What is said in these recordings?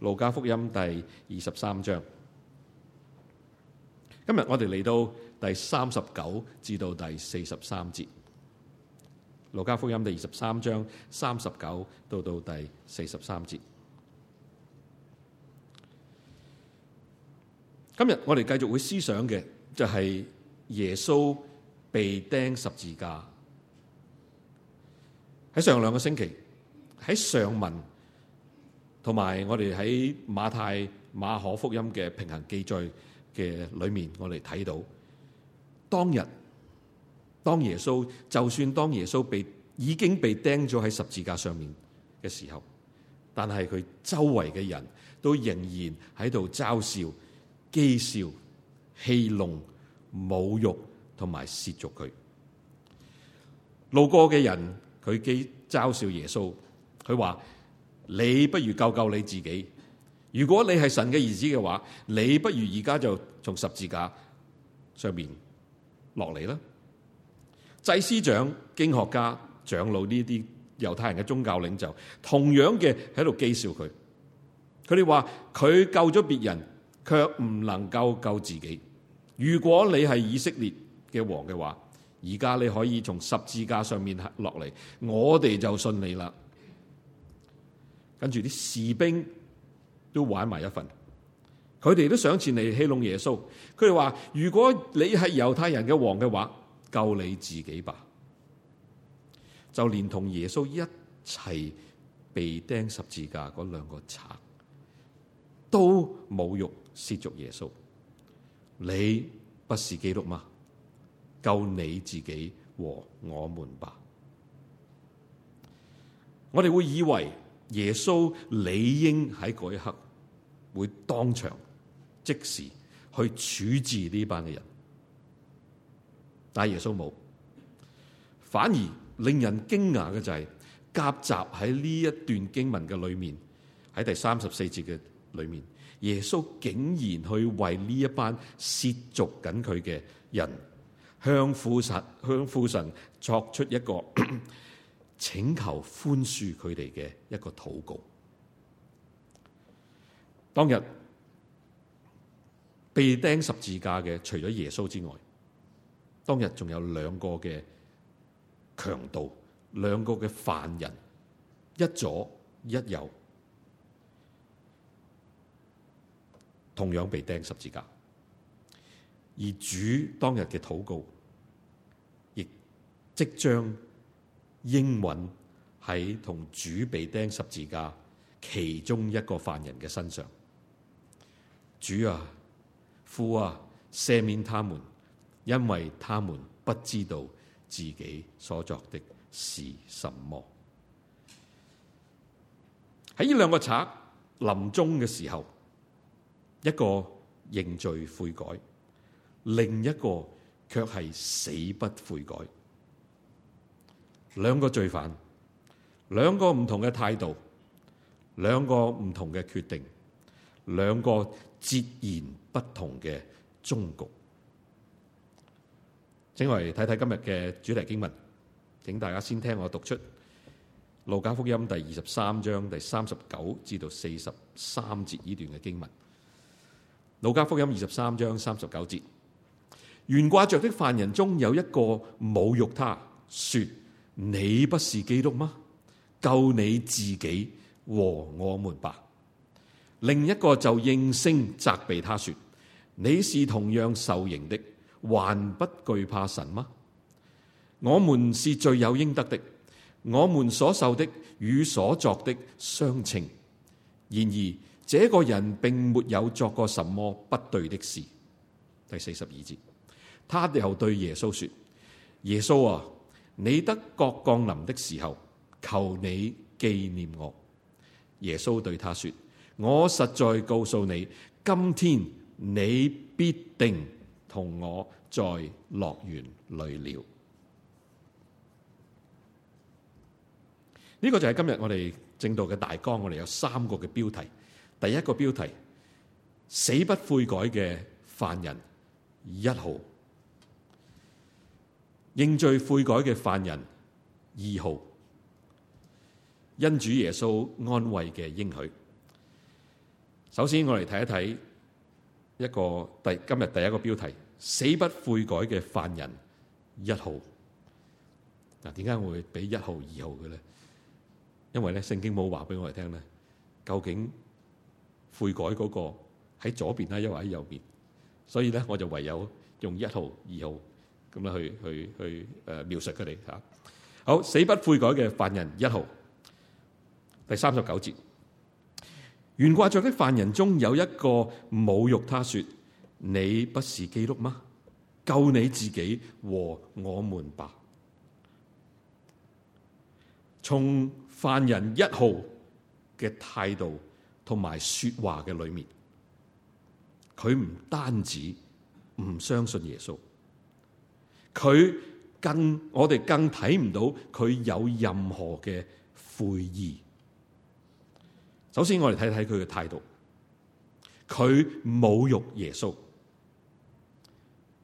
路加福音第二十三章，今日我哋嚟到第三十九至到第四十三節。路加福音第二十三章三十九到到第四十三節。今日我哋繼續會思想嘅就係耶穌被釘十字架。喺上兩個星期，喺上文。同埋，我哋喺馬太、馬可福音嘅平行記載嘅裏面，我哋睇到當日當耶穌，就算當耶穌被已經被釘咗喺十字架上面嘅時候，但係佢周圍嘅人都仍然喺度嘲笑、譏笑、戲弄、侮辱同埋褻瀆佢。路過嘅人，佢譏嘲笑耶穌，佢話。你不如救救你自己。如果你係神嘅兒子嘅話，你不如而家就從十字架上面落嚟啦。祭司長、經學家、長老呢啲猶太人嘅宗教領袖，同樣嘅喺度譏笑佢。佢哋話佢救咗別人，卻唔能夠救自己。如果你係以色列嘅王嘅話，而家你可以從十字架上面落嚟，我哋就信你啦。跟住啲士兵都玩埋一份，佢哋都想前嚟戲弄耶穌。佢哋話：如果你係猶太人嘅王嘅話，救你自己吧。就連同耶穌一齊被釘十字架嗰兩個賊都侮辱褻瀆耶穌。你不是基督嗎？救你自己和我們吧。我哋會以為。耶穌理應喺嗰一刻會當場即時去處置呢班嘅人，但耶穌冇，反而令人驚訝嘅就係夾雜喺呢一段經文嘅裏面，喺第三十四節嘅裏面，耶穌竟然去為呢一班涉足緊佢嘅人向父神向父神作出一個。咳咳請求寬恕佢哋嘅一個禱告。當日被釘十字架嘅，除咗耶穌之外，當日仲有兩個嘅強盜，兩個嘅犯人，一左一右，同樣被釘十字架。而主當日嘅禱告，亦即將。英文喺同主被釘十字架其中一個犯人嘅身上，主啊，父啊，赦免他們，因為他們不知道自己所作的是什麼。喺呢兩個賊臨終嘅時候，一個認罪悔改，另一個卻係死不悔改。兩個罪犯，兩個唔同嘅態度，兩個唔同嘅決定，兩個截然不同嘅終局。請我嚟睇睇今日嘅主題經文，請大家先聽我讀出《路加福音》第二十三章第三十九至到四十三節呢段嘅經文。《路加福音》二十三章三十九節：懸掛着的犯人中有一個侮辱他說。你不是基督嗎？救你自己和我們吧。另一個就應聲責備他說：你是同樣受刑的，還不懼怕神嗎？我們是罪有應得的，我們所受的與所作的相稱。然而這個人並沒有作過什麼不對的事。第四十二節，他又對耶穌說：耶穌啊！你得國降臨的時候，求你紀念我。耶穌對他說：我實在告訴你，今天你必定同我在樂園裏了。呢個就係今日我哋正道嘅大綱，我哋有三個嘅標題。第一個標題：死不悔改嘅犯人一號。認罪悔改嘅犯人二號，因主耶穌安慰嘅應許。首先我嚟睇一睇一個第今日第一個標題：死不悔改嘅犯人一號。嗱，點解我會俾一號二號嘅咧？因為咧聖經冇話俾我哋聽咧，究竟悔改嗰個喺左邊咧，又話喺右邊，所以咧我就唯有用一號二號。咁咧，去去去誒描述佢哋吓，好死不悔改嘅犯人一號，第三十九節，懸掛着的犯人中有一個侮辱他說：你不是基督嗎？救你自己和我們吧。從犯人一號嘅態度同埋說話嘅裏面，佢唔單止唔相信耶穌。佢更我哋更睇唔到佢有任何嘅悔意。首先，我哋睇睇佢嘅態度。佢侮辱耶穌。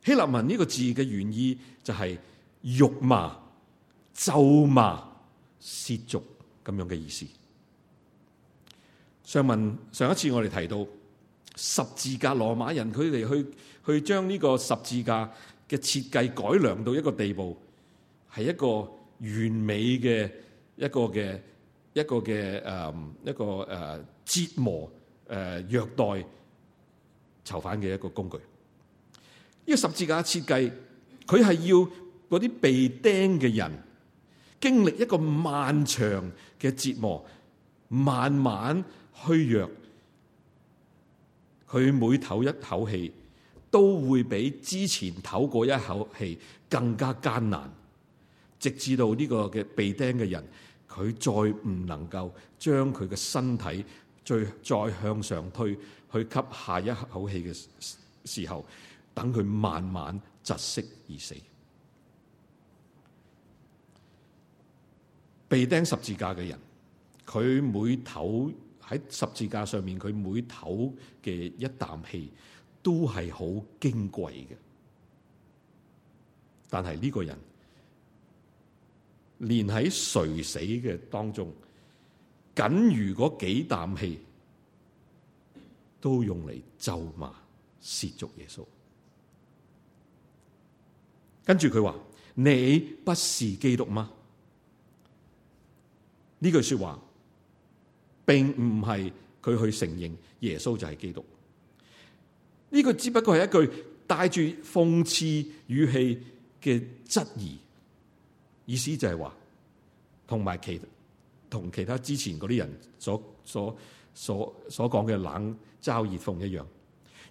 希臘文呢個字嘅原意就係、是、辱罵、咒罵、褻瀆咁樣嘅意思。上文上一次我哋提到十字架，羅馬人佢哋去去將呢個十字架嘅設計改良到一個地步，係一個完美嘅一個嘅一個嘅誒、呃、一個誒、呃呃、折磨誒、呃、虐待囚犯嘅一個工具。呢、這個十字架設計，佢係要嗰啲被釘嘅人經歷一個漫長嘅折磨，慢慢虛弱，佢每唞一口氣。都會比之前唞過一口氣更加艱難，直至到呢個嘅被釘嘅人，佢再唔能夠將佢嘅身體再再向上推，去吸下一口氣嘅時候，等佢慢慢窒息而死。被釘十字架嘅人，佢每唞喺十字架上面，佢每唞嘅一啖氣。都係好矜貴嘅，但係呢個人連喺垂死嘅當中，僅餘嗰幾啖氣都用嚟，咒罵褻瀆耶穌。跟住佢話：你不是基督嗎？呢句說話並唔係佢去承認耶穌就係基督。呢個只不過係一句帶住諷刺語氣嘅質疑，意思就係話，同埋其同其他之前嗰啲人所所所所講嘅冷嘲熱諷一樣。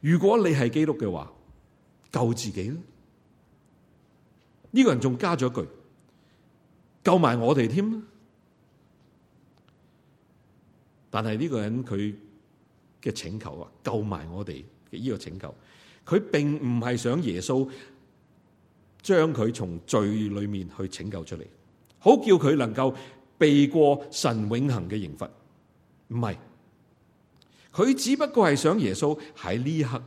如果你係基督嘅話，救自己啦。呢、呢個人仲加咗句，救埋我哋添。但係呢個人佢嘅請求啊，救埋我哋。呢個拯救，佢並唔係想耶穌將佢從罪裏面去拯救出嚟，好叫佢能夠避過神永恆嘅刑罰。唔係，佢只不過係想耶穌喺呢一刻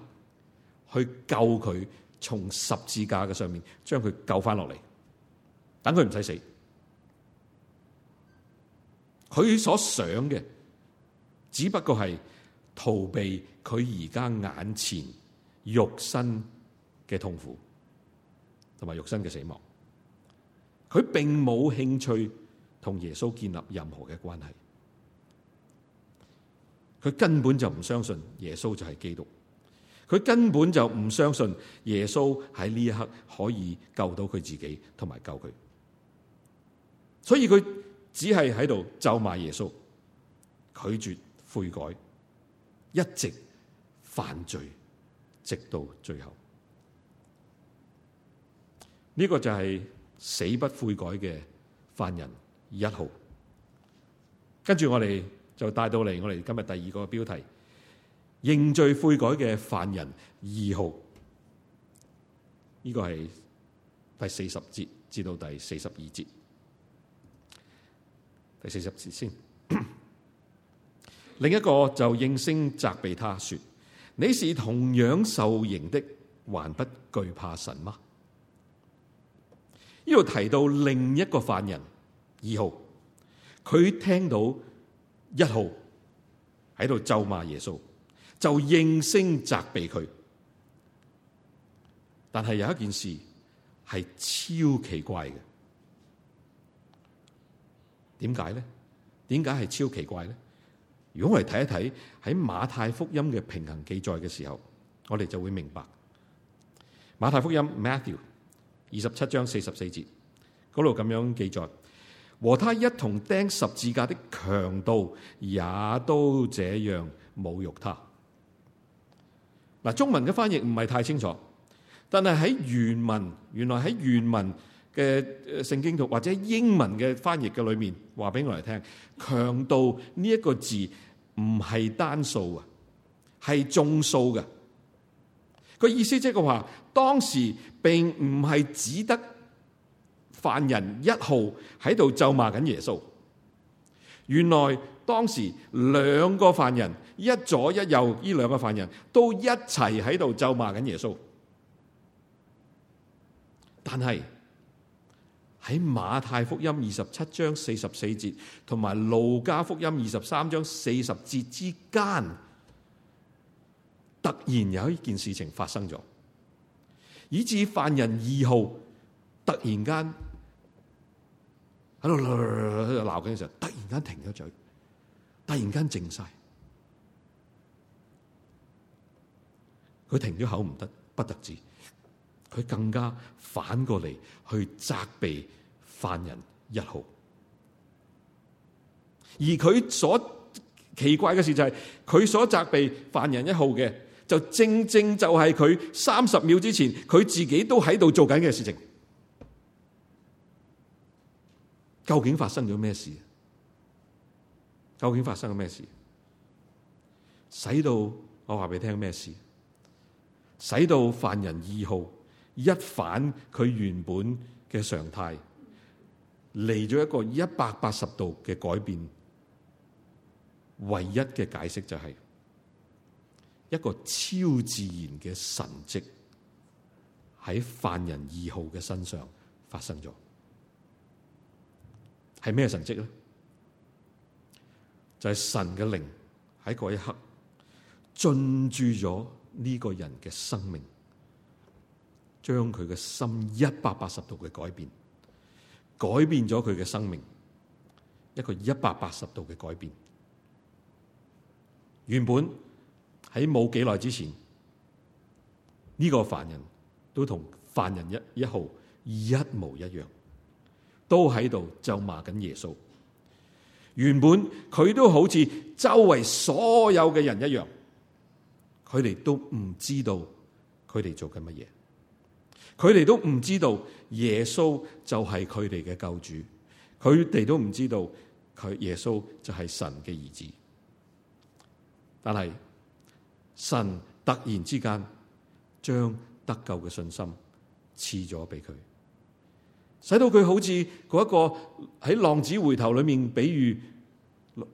去救佢從十字架嘅上面將佢救翻落嚟，等佢唔使死。佢所想嘅只不過係。逃避佢而家眼前肉身嘅痛苦，同埋肉身嘅死亡，佢並冇興趣同耶穌建立任何嘅關係。佢根本就唔相信耶穌就係基督，佢根本就唔相信耶穌喺呢一刻可以救到佢自己，同埋救佢。所以佢只係喺度咒罵耶穌，拒絕悔改。一直犯罪，直到最後。呢、這個就係死不悔改嘅犯人一號。跟住我哋就帶到嚟，我哋今日第二個標題：認罪悔改嘅犯人二號。呢、這個係第四十節至到第四十二節。第四十節先。另一個就應聲責備他說：你是同樣受刑的，還不懼怕神嗎？呢度提到另一個犯人二號，佢聽到一號喺度咒罵耶穌，就應聲責備佢。但係有一件事係超奇怪嘅。點解呢？點解係超奇怪呢？如果我哋睇一睇喺馬太福音嘅平衡記載嘅時候，我哋就會明白馬太福音 Matthew 二十七章四十四節嗰度咁樣記載，和他一同釘十字架的強盜，也都這樣侮辱他。嗱，中文嘅翻譯唔係太清楚，但係喺原文原來喺原文。原來在原文嘅聖經圖或者英文嘅翻譯嘅裏面話俾我哋聽，強盜呢一個字唔係單數啊，係眾數嘅。個意思即係話，當時並唔係只得犯人一號喺度咒罵緊耶穌。原來當時兩個犯人一左一右，呢兩個犯人都一齊喺度咒罵緊耶穌，但係，喺馬太福音二十七章四十四節同埋路加福音二十三章四十節之間，突然有一件事情發生咗，以致犯人二號突然間喺度鬧緊嘅時候，突然間停咗嘴，突然間靜晒，佢停咗口唔得，不得志。佢更加反過嚟，去責備犯人一號，而佢所奇怪嘅事就係、是、佢所責備犯人一號嘅，就正正就係佢三十秒之前佢自己都喺度做緊嘅事情。究竟發生咗咩事？究竟發生咗咩事？使到我話俾你聽咩事？使到犯人二號。一反佢原本嘅常態，嚟咗一個一百八十度嘅改變。唯一嘅解釋就係一個超自然嘅神蹟喺犯人二號嘅身上發生咗。係咩神蹟咧？就係神嘅靈喺嗰一刻進駐咗呢個人嘅生命。將佢嘅心一百八十度嘅改變，改變咗佢嘅生命，一個一百八十度嘅改變。原本喺冇幾耐之前，呢個犯人都同犯人一一號一模一樣，都喺度咒罵緊耶穌。原本佢都好似周圍所有嘅人一樣，佢哋都唔知道佢哋做緊乜嘢。佢哋都唔知道耶穌就係佢哋嘅救主，佢哋都唔知道佢耶穌就係神嘅兒子。但係神突然之間將得救嘅信心賜咗俾佢，使到佢好似一個喺浪子回頭裏面比喻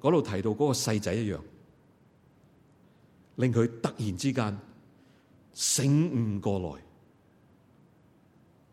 度提到嗰個細仔一樣，令佢突然之間醒悟過來。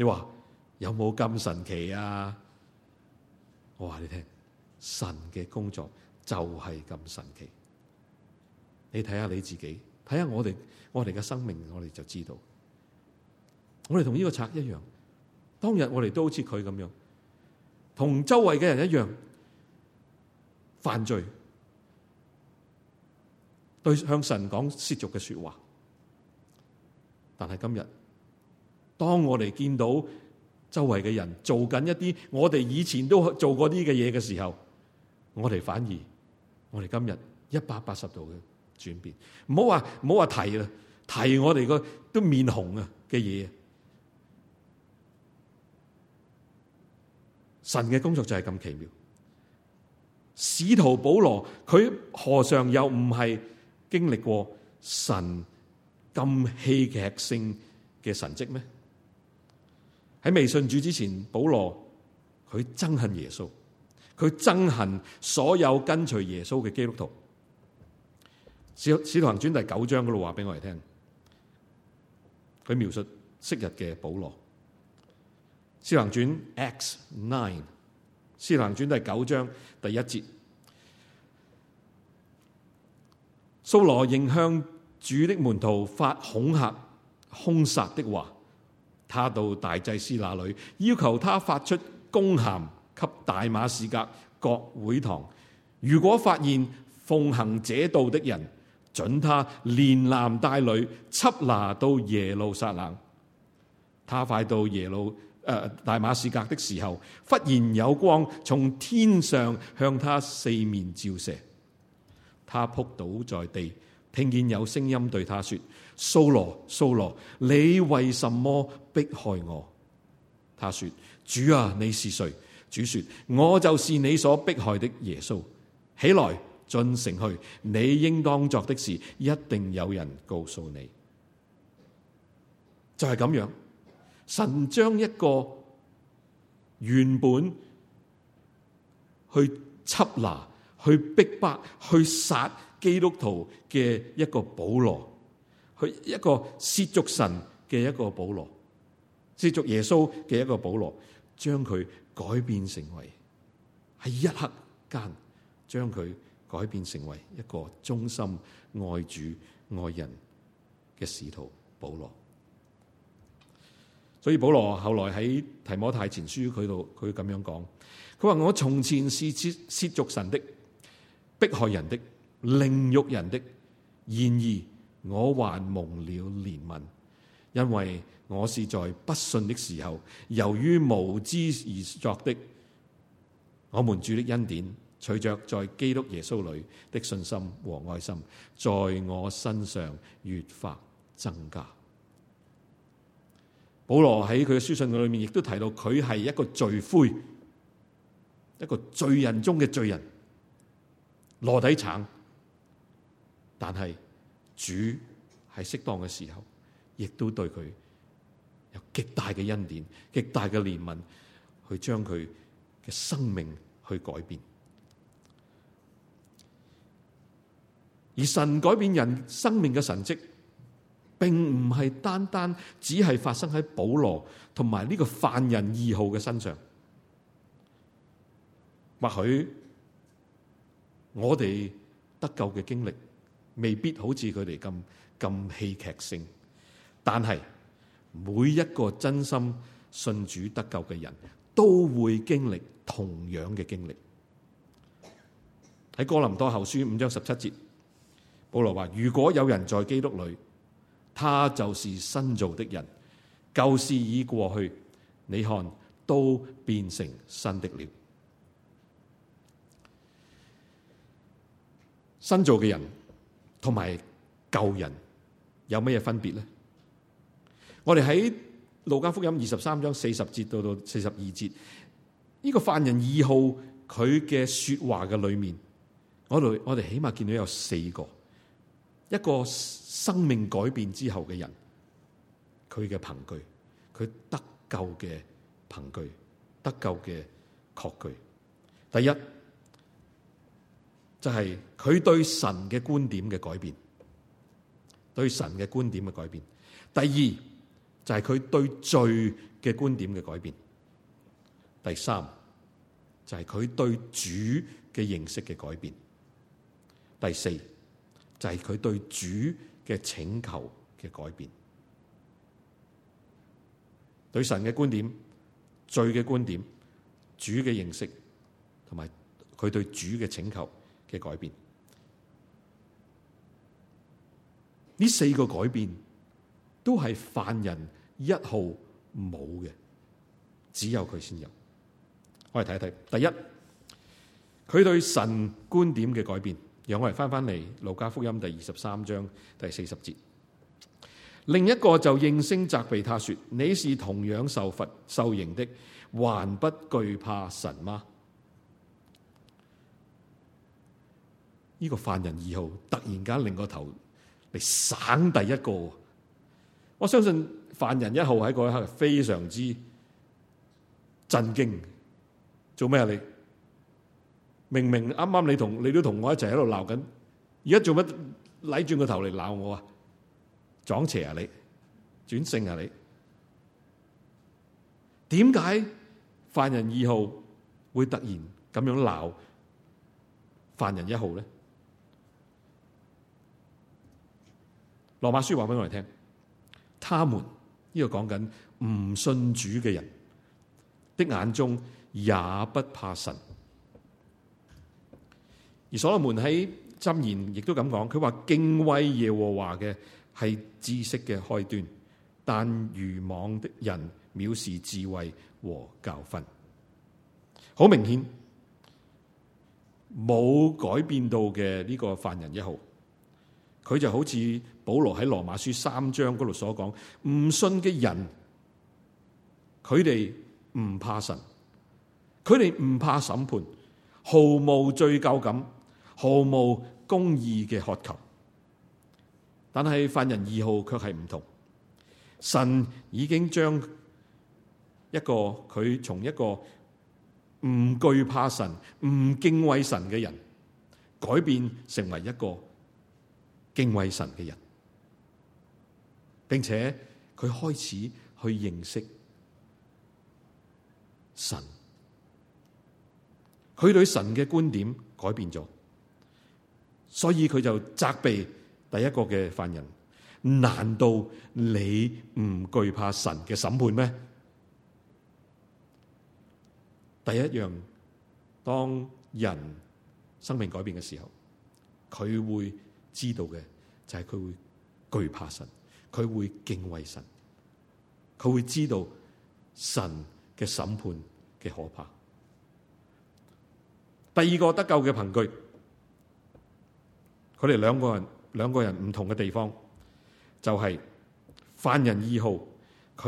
你話有冇咁神奇啊？我話你聽，神嘅工作就係咁神奇。你睇下你自己，睇下我哋，我哋嘅生命，我哋就知道，我哋同呢個賊一樣。當日我哋都好似佢咁樣，同周圍嘅人一樣犯罪，對向神講褻瀆嘅說話。但係今日。當我哋見到周圍嘅人做緊一啲我哋以前都做過呢嘅嘢嘅時候，我哋反而我哋今日一百八十度嘅轉變，唔好話唔好話提啦，提我哋個都面紅啊嘅嘢。神嘅工作就係咁奇妙。使徒保羅佢何嘗又唔係經歷過神咁戲劇性嘅神蹟咩？喺未信主之前，保羅佢憎恨耶穌，佢憎恨所有跟隨耶穌嘅基督徒。《使使徒行傳》第九章嗰度話俾我哋聽，佢描述昔日嘅保羅。《使徒行傳》X Nine，《使徒行傳》第九章第一節，掃羅仍向主的門徒發恐嚇、兇殺的話。他到大祭司那裏，要求他發出公函給大馬士革各會堂，如果發現奉行這道的人，准他連男帶女緝拿到耶路撒冷。他快到耶路，呃、大馬士革的時候，忽然有光從天上向他四面照射，他仆倒在地，聽見有聲音對他說：掃羅，掃羅，你為什麼？迫害我，他說：主啊，你是誰？主說：我就是你所迫害的耶穌。起來，進城去，你應當做的事，一定有人告訴你。就係、是、咁樣，神將一個原本去緝拿、去逼迫、去殺基督徒嘅一個保羅，去一個褻瀆神嘅一個保羅。褻瀆耶穌嘅一個保羅，將佢改變成為，喺一刻間將佢改變成為一個忠心愛主愛人嘅使徒保羅。所以保羅後來喺提摩太前書佢度佢咁樣講，佢話，我從前是褻褻瀆神的迫害人的凌辱人的，然而我還蒙了憐憫。因為我是在不信的時候，由於無知而作的，我們主的恩典，隨着在基督耶穌裏的信心和愛心，在我身上越發增加。保羅喺佢嘅書信裏面亦都提到，佢係一個罪魁，一個罪人中嘅罪人，羅底橙，但係主係適當嘅時候，亦都對佢有極大嘅恩典，極大嘅憐憫，去將佢嘅生命去改變。而神改變人生命嘅神蹟，並唔係單單只係發生喺保羅同埋呢個犯人二號嘅身上。或許我哋得救嘅經歷未必好似佢哋咁咁戲劇性。但係每一個真心信主得救嘅人都會經歷同樣嘅經歷。喺哥林多後書五章十七節，保羅話：如果有人在基督裏，他就是新造的人，舊事已過去，你看都變成新的了。新造嘅人同埋舊人有乜嘢分別呢？我哋喺路加福音二十三章四十節到到四十二節，呢、這個犯人二號佢嘅說話嘅裏面，我哋我哋起碼見到有四個，一個生命改變之後嘅人，佢嘅憑據，佢得救嘅憑據，得救嘅確據。第一就係、是、佢對神嘅觀點嘅改變，對神嘅觀點嘅改變。第二。就係佢對罪嘅觀點嘅改變，第三，就係、是、佢對主嘅認識嘅改變，第四，就係、是、佢對主嘅請求嘅改變，對神嘅觀點、罪嘅觀點、主嘅認識，同埋佢對主嘅請求嘅改變，呢四個改變。都係犯人一號冇嘅，只有佢先有。我哋睇一睇。第一，佢對神觀點嘅改變。讓我哋翻翻嚟路加福音第二十三章第四十節。另一個就應聲責備他說：你是同樣受罰受刑的，還不懼怕神嗎？呢、這個犯人二號突然間另一個頭嚟省第一個。我相信犯人一號喺嗰一刻非常之震驚，做咩啊你？明明啱啱你同你都同我一齊喺度鬧緊，而家做乜？擰轉個頭嚟鬧我啊？撞邪啊你？轉性啊你？點解犯人二號會突然咁樣鬧犯人一號咧？羅馬書話俾我哋聽。他們呢、這個講緊唔信主嘅人的眼中也不怕神，而所羅門喺箴言亦都咁講，佢話敬畏耶和華嘅係知識嘅開端，但愚妄的人藐視智慧和教訓。好明顯冇改變到嘅呢個犯人一號。佢就好似保羅喺羅馬書三章嗰度所講，唔信嘅人，佢哋唔怕神，佢哋唔怕審判，毫無罪疚感，毫無公義嘅渴求。但係犯人二號卻係唔同，神已經將一個佢從一個唔懼怕神、唔敬畏神嘅人，改變成為一個。敬畏神嘅人，並且佢開始去認識神，佢對神嘅觀點改變咗，所以佢就責備第一個嘅犯人。難道你唔懼怕神嘅審判咩？第一樣，當人生命改變嘅時候，佢會。知道嘅就係、是、佢會懼怕神，佢會敬畏神，佢會知道神嘅審判嘅可怕。第二個得救嘅憑據，佢哋兩個人兩個人唔同嘅地方，就係、是、犯人二號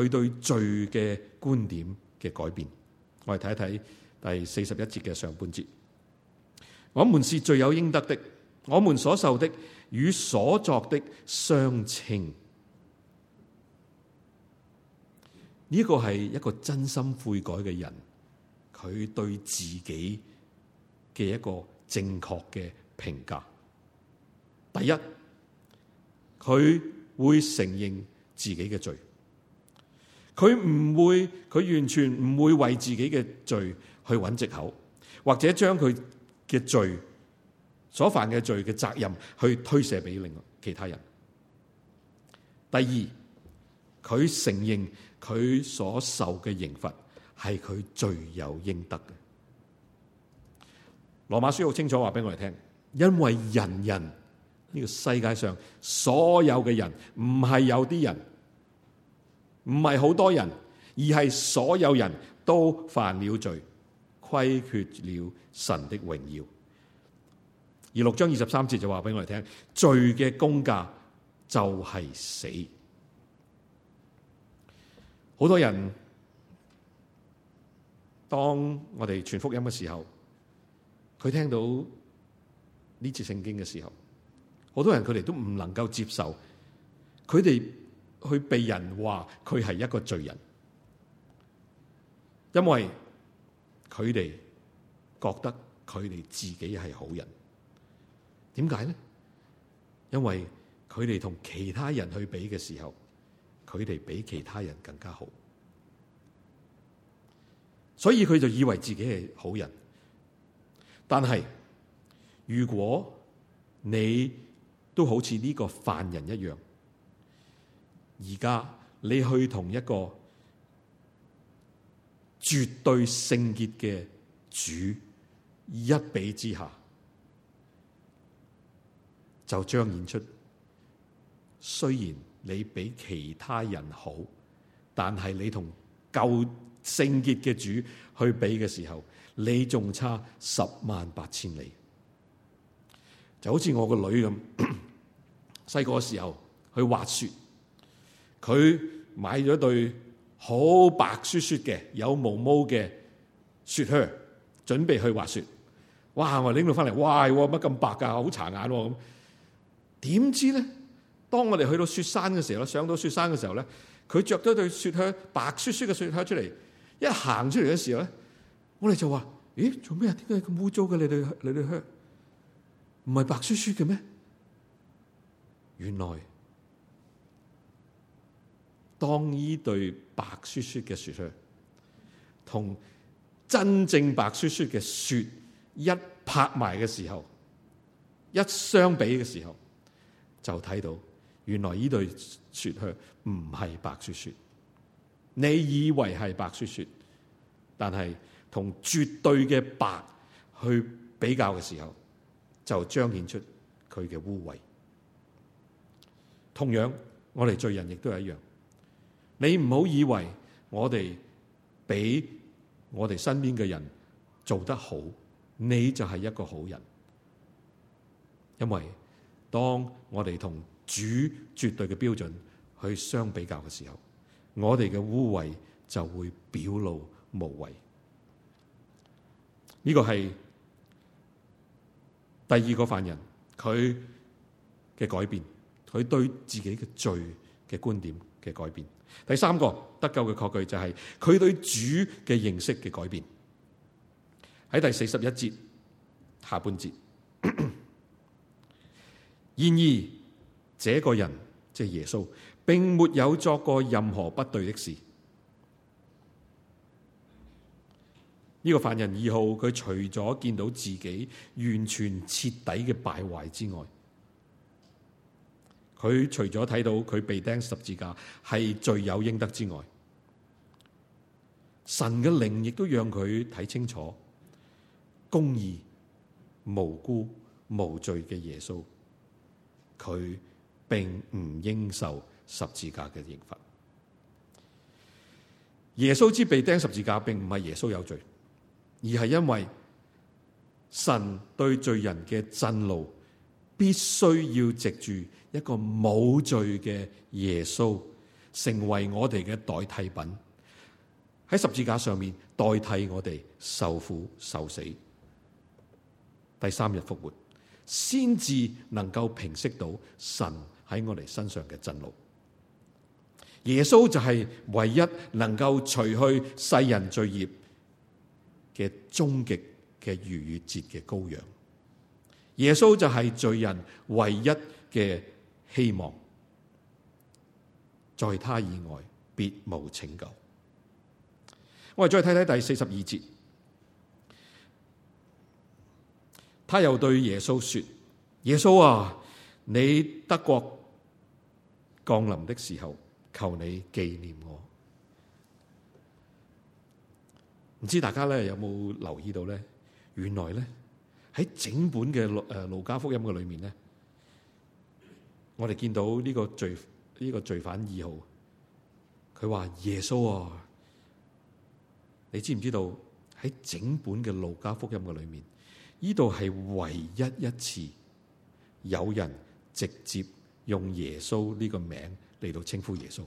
佢對罪嘅觀點嘅改變。我哋睇一睇第四十一節嘅上半節，我們是罪有應得的，我們所受的。與所作的相稱，呢、這個係一個真心悔改嘅人，佢對自己嘅一個正確嘅評價。第一，佢會承認自己嘅罪，佢唔會，佢完全唔會為自己嘅罪去揾藉口，或者將佢嘅罪，所犯嘅罪嘅責任，去推卸俾另外其他人。第二，佢承認佢所受嘅刑罰係佢罪有應得嘅。羅馬書好清楚話俾我哋聽，因為人人，呢個世界上所有嘅人，唔係有啲人，唔係好多人，而係所有人都犯了罪，虧缺了神的榮耀。而六章二十三節就話俾我哋聽，罪嘅工價就係死。好多人當我哋傳福音嘅時候，佢聽到呢次聖經嘅時候，好多人佢哋都唔能夠接受，佢哋去被人話佢係一個罪人，因為佢哋覺得佢哋自己係好人。點解呢？因為佢哋同其他人去比嘅時候，佢哋比其他人更加好，所以佢就以為自己係好人。但係，如果你都好似呢個犯人一樣，而家你去同一個絕對聖潔嘅主一比之下。就彰顯出，雖然你比其他人好，但係你同舊聖潔嘅主去比嘅時候，你仲差十萬八千里。就好似我個女咁，細個時候去滑雪，佢買咗對好白雪雪嘅有毛毛嘅雪靴，準備去滑雪。哇！我拎到翻嚟，哇！乜咁白噶，好殘眼咁、啊。點知咧？當我哋去到雪山嘅時候咧，上到雪山嘅時候咧，佢着咗對雪靴，白雪雪嘅雪靴出嚟，一行出嚟嘅時候咧，我哋就話：咦，做咩啊？點解咁污糟嘅？你對你對靴唔係白雪雪嘅咩？原來當呢對白雪雪嘅雪靴同真正白雪雪嘅雪一拍埋嘅時候，一相比嘅時候。就睇到，原來呢對雪靴唔係白雪雪。你以為係白雪雪，但係同絕對嘅白去比較嘅時候，就彰顯出佢嘅污穢。同樣，我哋罪人亦都係一樣。你唔好以為我哋比我哋身邊嘅人做得好，你就係一個好人，因為。當我哋同主絕對嘅標準去相比較嘅時候，我哋嘅污穢就會表露無遺。呢、這個係第二個犯人，佢嘅改變，佢對自己嘅罪嘅觀點嘅改變。第三個得救嘅確據就係佢對主嘅認識嘅改變。喺第四十一節下半節。咳咳然而，這個人即係耶穌，並沒有作過任何不對的事。呢、這個犯人二號，佢除咗見到自己完全徹底嘅敗壞之外，佢除咗睇到佢被釘十字架係罪有應得之外，神嘅靈亦都讓佢睇清楚公義、無辜、無罪嘅耶穌。佢並唔應受十字架嘅刑罰。耶穌之被釘十字架，並唔係耶穌有罪，而係因為神對罪人嘅震怒，必須要藉住一個冇罪嘅耶穌，成為我哋嘅代替品，喺十字架上面代替我哋受苦受死，第三日復活。先至能夠平息到神喺我哋身上嘅震怒。耶穌就係唯一能夠除去世人罪孽嘅終極嘅逾越節嘅羔羊。耶穌就係罪人唯一嘅希望，在他以外，別無拯救。我哋再睇睇第四十二節。他又對耶穌說：耶穌啊，你得國降臨的時候，求你紀念我。唔知大家咧有冇留意到咧？原來咧喺整本嘅誒路加福音嘅裏面咧，我哋見到呢個罪，呢個罪犯二號，佢話耶穌啊，你知唔知道喺整本嘅路加福音嘅裏面？呢度係唯一一次有人直接用耶穌呢個名嚟到稱呼耶穌。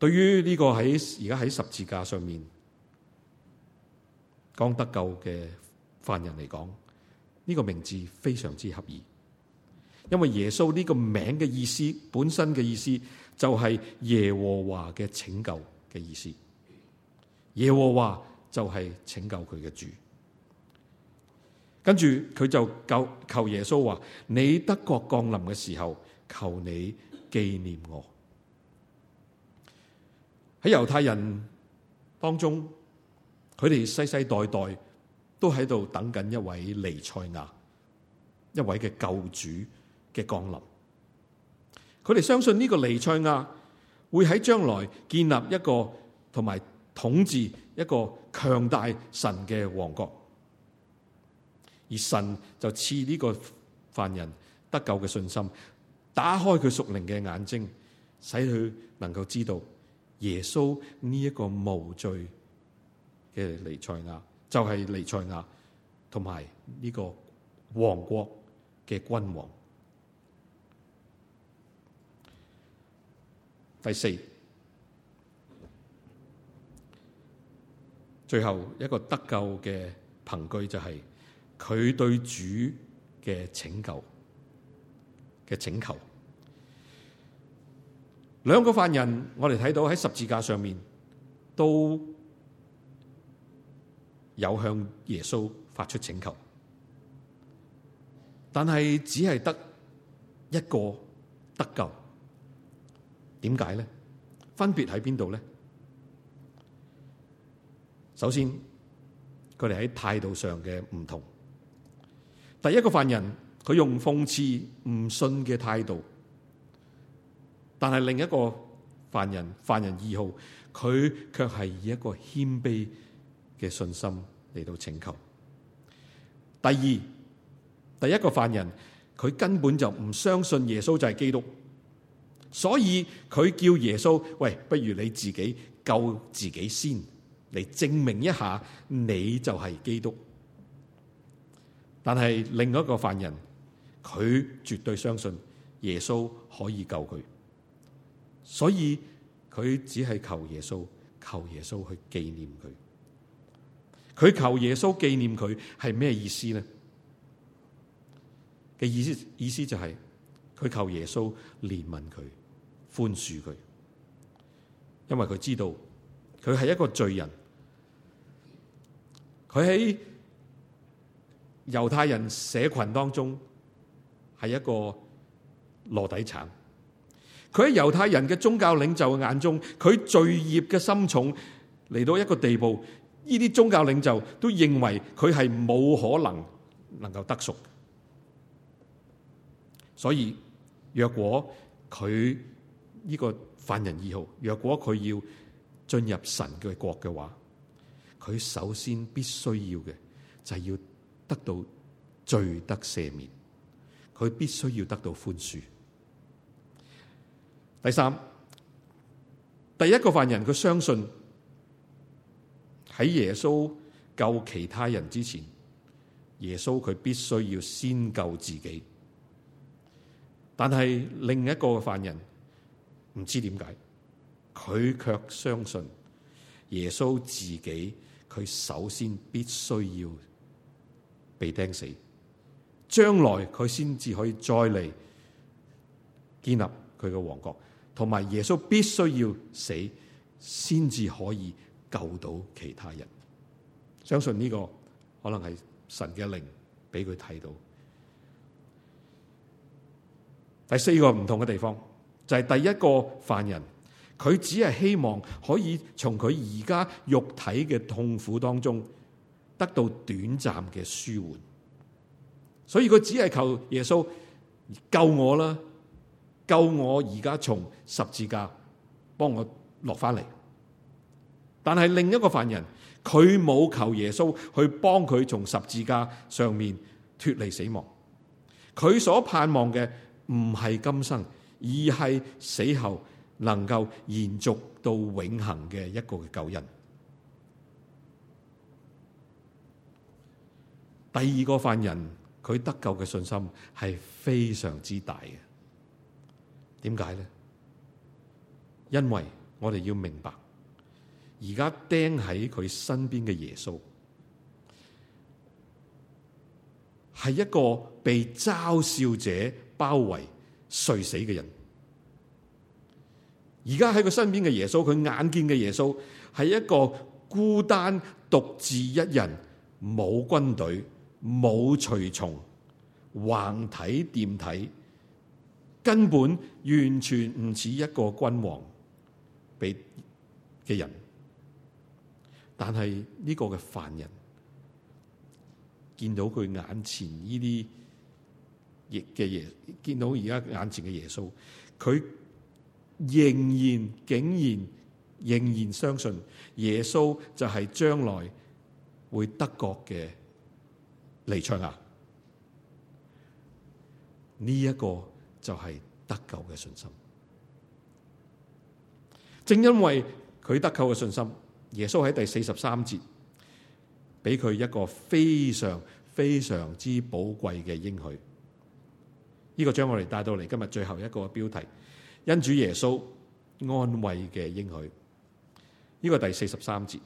對於呢個喺而家喺十字架上面講得救嘅犯人嚟講，呢個名字非常之合宜，因為耶穌呢個名嘅意思本身嘅意思就係耶和華嘅拯救嘅意思，耶和華。就係拯救佢嘅主，跟住佢就求求耶穌話：你得國，降臨嘅時候，求你紀念我。喺猶太人當中，佢哋世世代代都喺度等緊一位彌賽亞，一位嘅救主嘅降臨。佢哋相信呢個彌賽亞會喺將來建立一個同埋。統治一個強大神嘅王國，而神就賜呢個犯人得救嘅信心，打開佢屬靈嘅眼睛，使佢能夠知道耶穌呢一個無罪嘅彌賽亞就係、是、彌賽亞，同埋呢個王國嘅君王。第四。最後一個得救嘅憑據就係佢對主嘅請求嘅請求。兩個犯人，我哋睇到喺十字架上面都有向耶穌發出請求，但係只係得一個得救。點解呢？分別喺邊度呢？首先，佢哋喺態度上嘅唔同。第一個犯人佢用諷刺、唔信嘅態度，但係另一個犯人，犯人二號，佢卻係以一個謙卑嘅信心嚟到請求。第二，第一個犯人佢根本就唔相信耶穌就係基督，所以佢叫耶穌：喂，不如你自己救自己先。嚟證明一下，你就係基督。但係另外一個犯人，佢絕對相信耶穌可以救佢，所以佢只係求耶穌，求耶穌去紀念佢。佢求耶穌紀念佢係咩意思咧？嘅意思意思就係、是、佢求耶穌憐憫佢、寬恕佢，因為佢知道佢係一個罪人。佢喺猶太人社群當中係一個落底層，佢喺猶太人嘅宗教領袖嘅眼中，佢罪孽嘅深重嚟到一個地步，呢啲宗教領袖都認為佢係冇可能能夠得贖。所以若果佢呢、這個犯人二號，若果佢要進入神嘅國嘅話。佢首先必須要嘅就係要得到罪得赦免，佢必須要得到寬恕。第三，第一個犯人佢相信喺耶穌救其他人之前，耶穌佢必須要先救自己。但係另一個犯人唔知點解，佢卻相信耶穌自己。佢首先必須要被釘死，將來佢先至可以再嚟建立佢嘅王國，同埋耶穌必須要死，先至可以救到其他人。相信呢個可能係神嘅靈俾佢睇到。第四個唔同嘅地方就係第一個犯人。佢只係希望可以從佢而家肉體嘅痛苦當中得到短暫嘅舒緩，所以佢只係求耶穌救我啦，救我而家從十字架幫我落翻嚟。但係另一個犯人，佢冇求耶穌去幫佢從十字架上面脫離死亡，佢所盼望嘅唔係今生，而係死後。能夠延續到永恒嘅一個救恩。第二個犯人佢得救嘅信心係非常之大嘅。點解呢？因為我哋要明白，而家釘喺佢身邊嘅耶穌係一個被嘲笑者包圍、垂死嘅人。而家喺佢身邊嘅耶穌，佢眼見嘅耶穌係一個孤單獨自一人，冇軍隊、冇隨從，橫體掂體，根本完全唔似一個君王，俾嘅人。但係呢個嘅犯人見到佢眼前呢啲嘅耶，見到而家眼前嘅耶穌，佢。仍然竟然仍然相信耶穌就係將來會得國嘅離場啊！呢、這、一個就係得救嘅信心。正因為佢得救嘅信心，耶穌喺第四十三節俾佢一個非常非常之寶貴嘅應許。呢、這個將我哋帶到嚟，今日最後一個標題。因主耶穌安慰嘅應許，呢個第四十三節，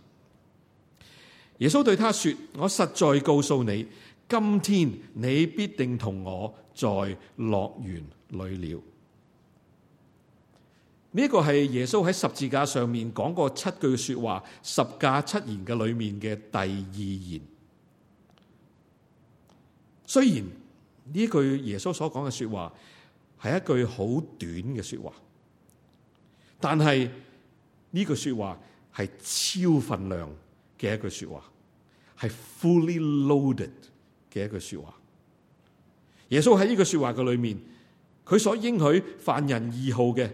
耶穌對他說：我實在告訴你，今天你必定同我在樂園裏了。呢個係耶穌喺十字架上面講過七句說話，十架七言嘅裏面嘅第二言。雖然呢句耶穌所講嘅說話，係一句好短嘅說話，但係呢句說話係超份量嘅一句說話，係 fully loaded 嘅一句說話。耶穌喺呢句說話嘅裏面，佢所應許犯人二號嘅，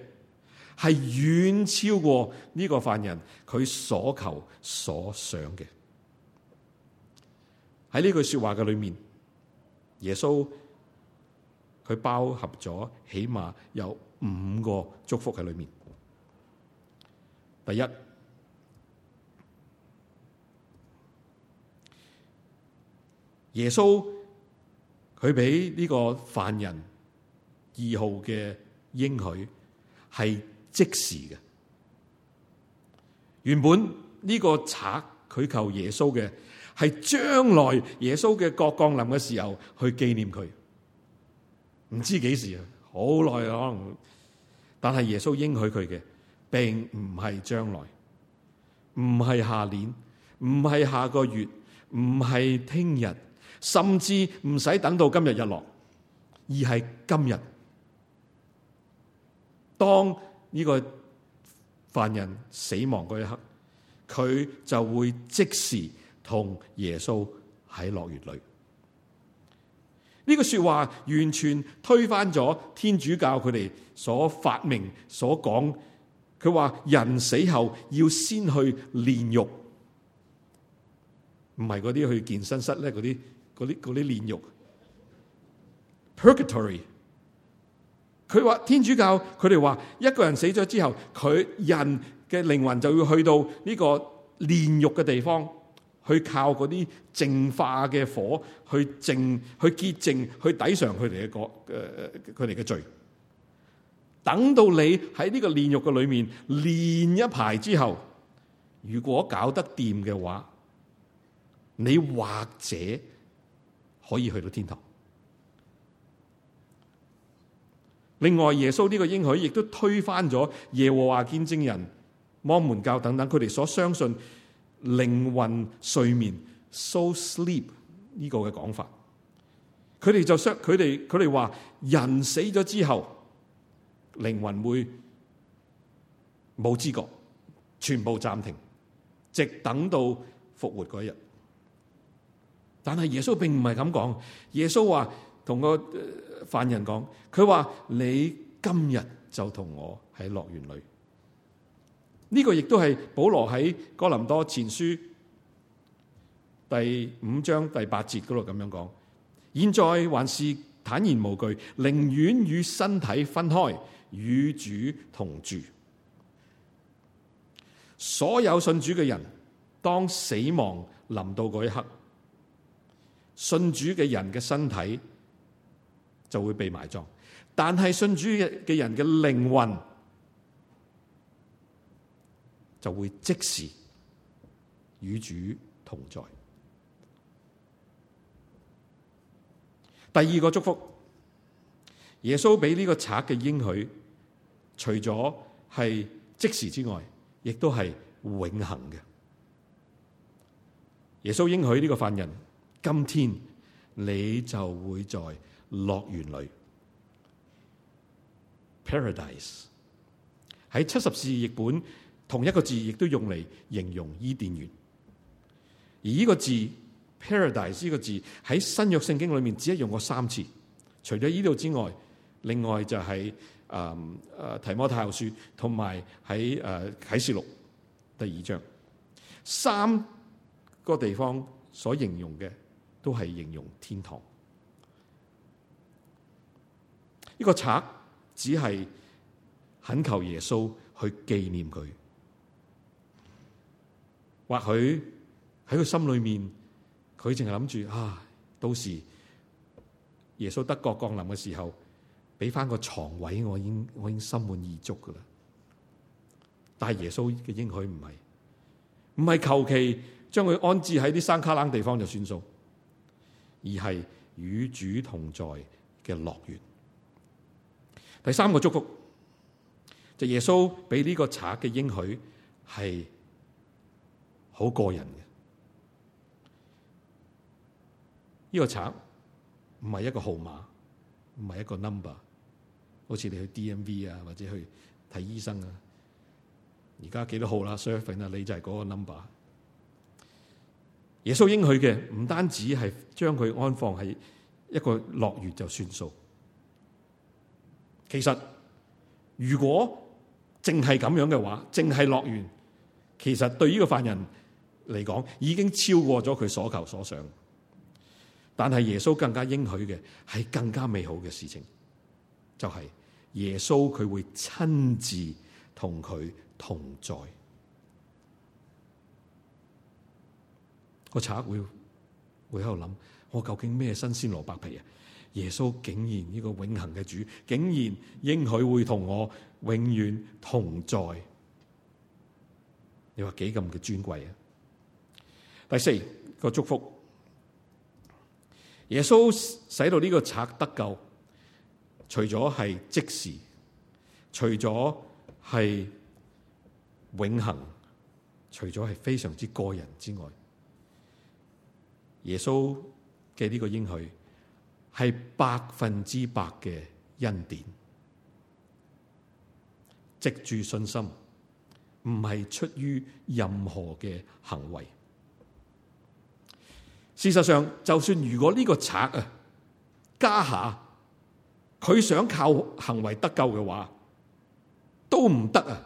係遠超過呢個犯人佢所求所想嘅。喺呢句說話嘅裏面，耶穌。佢包含咗起碼有五個祝福喺裏面。第一，耶穌佢俾呢個犯人二號嘅應許係即時嘅。原本呢個賊佢求耶穌嘅係將來耶穌嘅國降臨嘅時候去紀念佢。唔知幾時啊，好耐啊，可能。但係耶穌應許佢嘅，並唔係將來，唔係下年，唔係下個月，唔係聽日，甚至唔使等到今日日落，而係今日。當呢個犯人死亡嗰一刻，佢就會即時同耶穌喺樂園裏。呢個說話完全推翻咗天主教佢哋所發明、所講。佢話人死後要先去煉獄，唔係嗰啲去健身室咧，嗰啲嗰啲嗰啲煉獄 （Purgatory）。佢話天主教佢哋話，一個人死咗之後，佢人嘅靈魂就要去到呢個煉獄嘅地方。去靠嗰啲淨化嘅火去淨去潔淨去抵償佢哋嘅個誒佢哋嘅罪。等到你喺呢個煉獄嘅裏面煉一排之後，如果搞得掂嘅話，你或者可以去到天堂。另外，耶穌呢個應許亦都推翻咗耶和華見證人、摩門教等等，佢哋所相信。靈魂睡眠，soul sleep 呢個嘅講法，佢哋就想佢哋佢哋話人死咗之後，靈魂會冇知覺，全部暫停，直等到復活嗰一日。但係耶穌並唔係咁講，耶穌話同個、呃、犯人講，佢話你今日就同我喺樂園裏。呢個亦都係保羅喺哥林多前書第五章第八節嗰度咁樣講，現在還是坦然無懼，寧願與身體分開，與主同住。所有信主嘅人，當死亡臨到嗰一刻，信主嘅人嘅身體就會被埋葬，但係信主嘅人嘅靈魂就會即時與主同在。第二個祝福，耶穌俾呢個賊嘅應許，除咗係即時之外，亦都係永恆嘅。耶穌應許呢個犯人，今天你就會在樂園裏 （paradise） 喺七十士譯本。同一個字亦都用嚟形容伊甸園，而呢個字 Paradise 呢個字喺新約聖經裏面只係用過三次，除咗呢度之外，另外就係誒誒提摩太後書同埋喺誒啟示錄第二章三個地方所形容嘅都係形容天堂。呢、這個賊只係懇求耶穌去紀念佢。或許喺佢心裏面，佢淨係諗住啊，到時耶穌得國降臨嘅時候，俾翻個床位，我已經，我已經心滿意足噶啦。但係耶穌嘅應許唔係，唔係求其將佢安置喺啲山卡冷地方就算數，而係與主同在嘅樂園。第三個祝福就是，耶穌俾呢個賊嘅應許係。好個人嘅，呢個賊唔係一個號碼，唔係一個 number，好似你去 DMV 啊，或者去睇醫生啊。而家幾多號啦？service 啊，你就係嗰個 number。耶穌應許嘅唔單止係將佢安放喺一個樂園就算數。其實如果淨係咁樣嘅話，淨係樂園，其實對呢個犯人嚟講已經超過咗佢所求所想，但係耶穌更加應許嘅係更加美好嘅事情，就係、是、耶穌佢會親自同佢同在。個賊會會喺度諗：我究竟咩新鮮蘿卜皮啊？耶穌竟然呢個永恒嘅主，竟然應許會同我永遠同在。你話幾咁嘅尊貴啊！第四個祝福，耶穌使到呢個賊得救，除咗係即時，除咗係永恆，除咗係非常之個人之外，耶穌嘅呢個應許係百分之百嘅恩典，藉住信心，唔係出於任何嘅行為。事實上，就算如果呢個賊啊，家下，佢想靠行為得救嘅話，都唔得啊！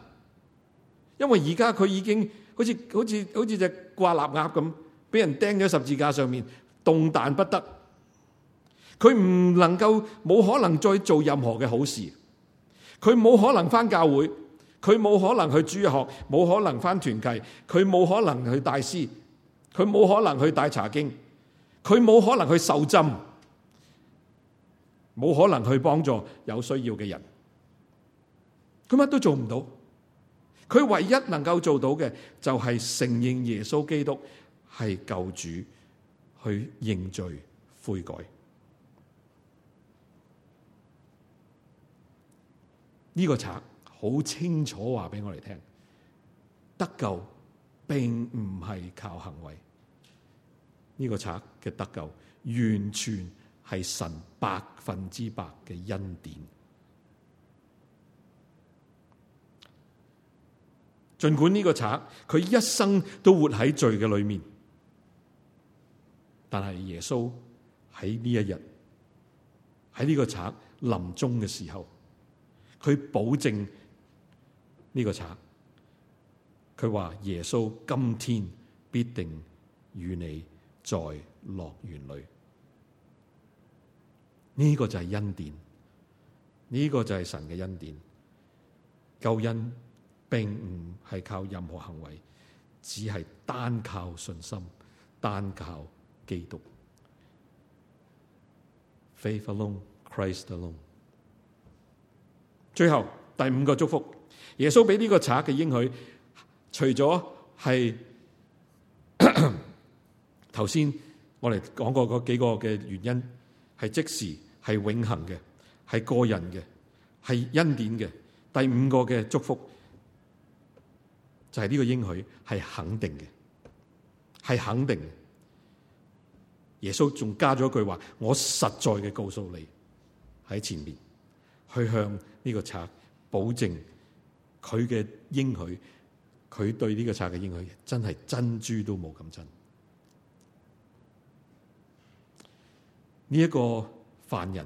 因為而家佢已經好似好似好似隻掛臘鴨咁，俾人釘咗十字架上面，動彈不得。佢唔能夠，冇可能再做任何嘅好事。佢冇可能返教會，佢冇可能去主學，冇可能返團契，佢冇可能去大師，佢冇可能去大茶經。佢冇可能去受浸，冇可能去幫助有需要嘅人，佢乜都做唔到。佢唯一能夠做到嘅，就係承認耶穌基督係救主，去認罪悔改。呢、這個賊好清楚話俾我哋聽，得救並唔係靠行為。呢個賊嘅得救，完全係神百分之百嘅恩典。盡管呢個賊佢一生都活喺罪嘅裏面，但係耶穌喺呢一日，喺呢個賊臨終嘅時候，佢保證呢個賊，佢話耶穌今天必定與你，在樂園裏，呢、這個就係恩典，呢、這個就係神嘅恩典。救恩並唔係靠任何行為，只係單靠信心，單靠基督。Faith alone, Christ alone。最後第五個祝福，耶穌俾呢個賊嘅應許，除咗係。頭先我哋講過嗰幾個嘅原因，係即時，係永恒嘅，係個人嘅，係恩典嘅。第五個嘅祝福就係、是、呢個應許，係肯定嘅，係肯定嘅。耶穌仲加咗一句話：我實在嘅告訴你，喺前面去向呢個賊保證佢嘅應許，佢對呢個賊嘅應許真係珍珠都冇咁真。呢一個犯人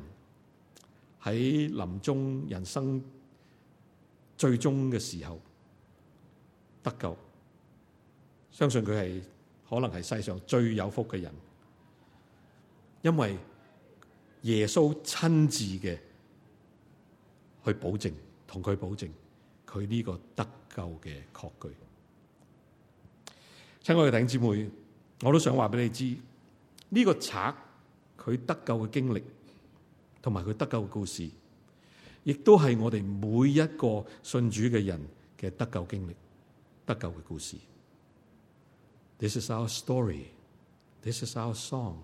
喺臨終人生最終嘅時候得救，相信佢係可能係世上最有福嘅人，因為耶穌親自嘅去保證，同佢保證佢呢個得救嘅確據。親愛的弟兄姊妹，我都想話俾你知呢、呢個賊。佢得救嘅經歷，同埋佢得救嘅故事，亦都係我哋每一個信主嘅人嘅得救經歷、得救嘅故事。This is our story. This is our song.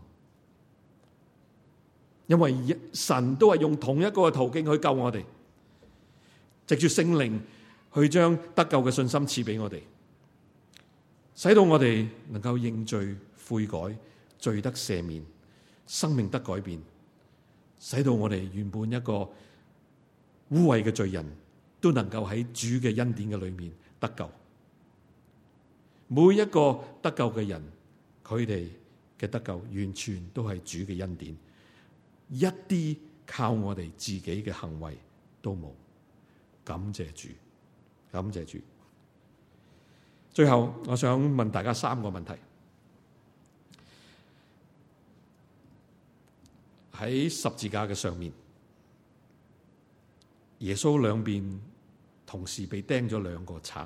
因為神都係用同一個途徑去救我哋，藉住聖靈去將得救嘅信心賜俾我哋，使到我哋能夠認罪悔改，罪得赦免。生命得改變，使到我哋原本一個污穢嘅罪人都能夠喺主嘅恩典嘅裏面得救。每一個得救嘅人，佢哋嘅得救完全都係主嘅恩典，一啲靠我哋自己嘅行為都冇。感謝主，感謝主。最後，我想問大家三個問題。喺十字架嘅上面，耶穌兩邊同時被釘咗兩個賊。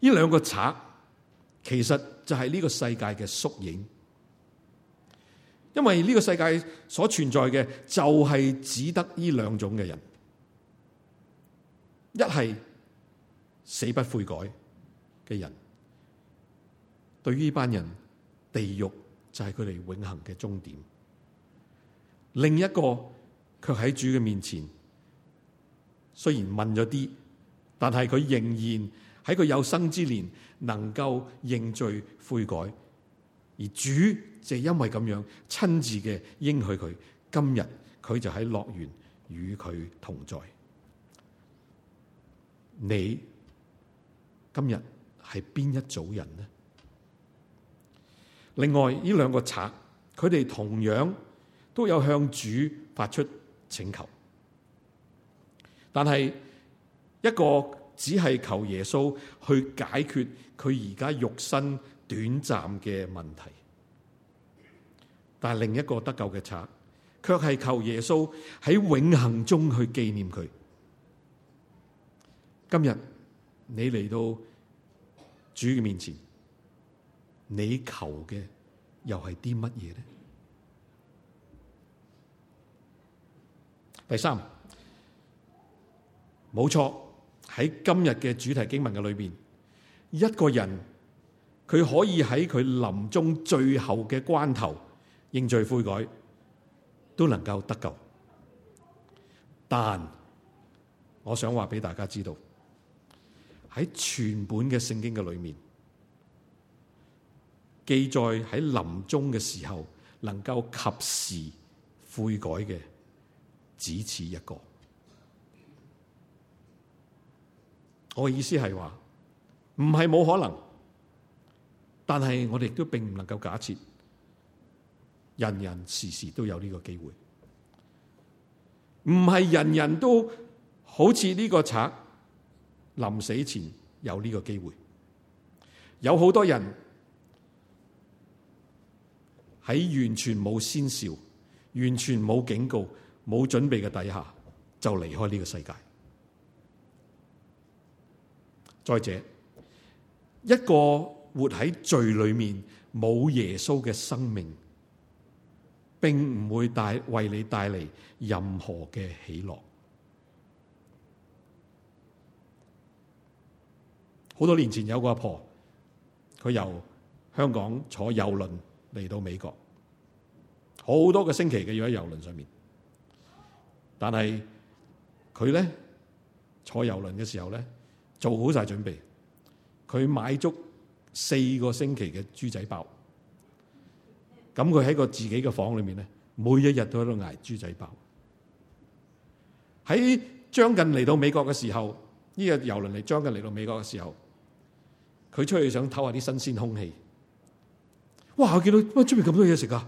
呢兩個賊其實就係呢個世界嘅縮影，因為呢個世界所存在嘅就係只得呢兩種嘅人，一係死不悔改嘅人，對於呢班人，地獄就係佢哋永恆嘅終點。另一個卻喺主嘅面前，雖然問咗啲，但係佢仍然喺佢有生之年能夠認罪悔改，而主就因為咁樣親自嘅應許佢，今日佢就喺樂園與佢同在。你今日係邊一組人呢？另外呢兩個賊，佢哋同樣。都有向主發出請求，但係一個只係求耶穌去解決佢而家肉身短暫嘅問題，但係另一個得救嘅賊，卻係求耶穌喺永恆中去紀念佢。今日你嚟到主嘅面前，你求嘅又係啲乜嘢咧？第三，冇錯，喺今日嘅主題經文嘅裏面，一個人佢可以喺佢臨終最後嘅關頭認罪悔改，都能夠得救。但我想話俾大家知道，喺全本嘅聖經嘅裏面，記載喺臨終嘅時候能夠及時悔改嘅只此一個，我嘅意思係話，唔係冇可能，但係我哋亦都並唔能夠假設，人人時時都有呢個機會，唔係人人都好似呢個賊臨死前有呢個機會，有好多人喺完全冇先兆、完全冇警告，冇準備嘅底下就離開呢個世界。再者，一個活喺罪裏面冇耶穌嘅生命，並唔會帶為你帶嚟任何嘅喜樂。好多年前有個阿婆，佢由香港坐郵輪嚟到美國，好多個星期佢要喺郵輪上面。但係佢咧坐遊輪嘅時候咧，做好晒準備。佢買足四個星期嘅豬仔包。咁佢喺個自己嘅房裏面咧，每一日都喺度捱豬仔包。喺將近嚟到美國嘅時候，呢日遊輪嚟將近嚟到美國嘅時候，佢出去想唞下啲新鮮空氣。哇！我見到乜出面咁多嘢食㗎？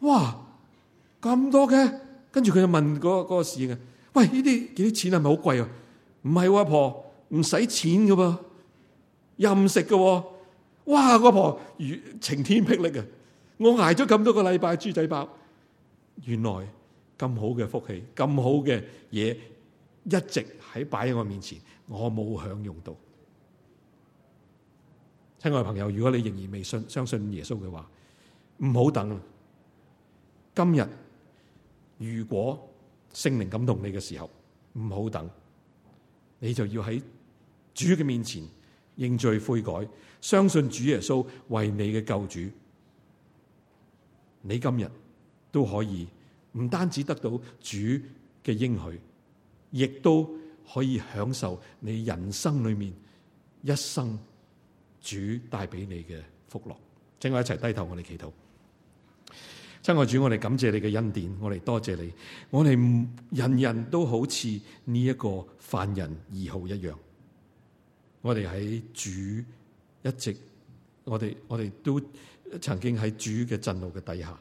哇！咁多嘅～跟住佢就問嗰個侍應啊，喂，呢啲幾多錢係咪好貴啊？唔係，啊，阿婆唔使錢噶噃，啊，任食噶。哇，阿婆如晴天霹靂啊！我挨咗咁多個禮拜豬仔包，原來咁好嘅福氣，咁好嘅嘢一直喺擺喺我面前，我冇享用到。親愛朋友，如果你仍然未信相信耶穌嘅話，唔好等，今日。如果聖靈感動你嘅時候，唔好等，你就要喺主嘅面前認罪悔改，相信主耶穌為你嘅救主。你今日都可以唔單止得到主嘅應許，亦都可以享受你人生裏面一生主帶俾你嘅福樂。請我一齊低頭我們，我哋祈禱。親愛主，我哋感謝你嘅恩典，我哋多謝你，我哋人人都好似呢一個犯人二號一樣，我哋喺主一直，我哋我哋都曾經喺主嘅震怒嘅底下，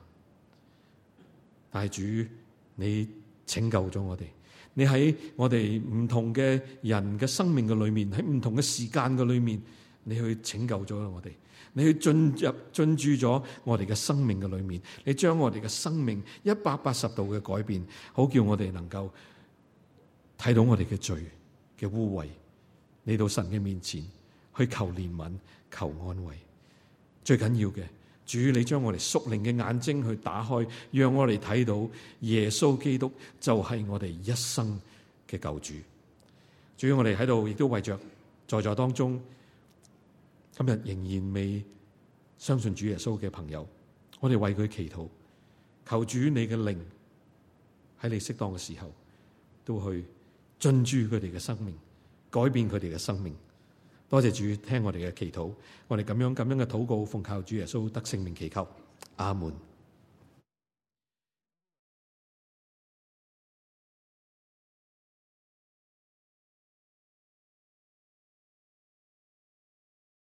但係主你拯救咗我哋，你喺我哋唔同嘅人嘅生命嘅裏面，喺唔同嘅時間嘅裏面，你去拯救咗我哋。你去進入進駐咗我哋嘅生命嘅裏面，你將我哋嘅生命一百八十度嘅改變，好叫我哋能夠睇到我哋嘅罪嘅污穢，你到神嘅面前去求憐憫、求安慰。最緊要嘅，主你將我哋屬靈嘅眼睛去打開，讓我哋睇到耶穌基督就係我哋一生嘅救主。主，我哋喺度亦都為着在座當中。今日仍然未相信主耶穌嘅朋友，我哋為佢祈禱，求主你嘅靈喺你適當嘅時候，都去進駐佢哋嘅生命，改變佢哋嘅生命。多謝主聽我哋嘅祈禱，我哋咁樣咁樣嘅禱告，奉靠主耶穌得性命祈求。阿門。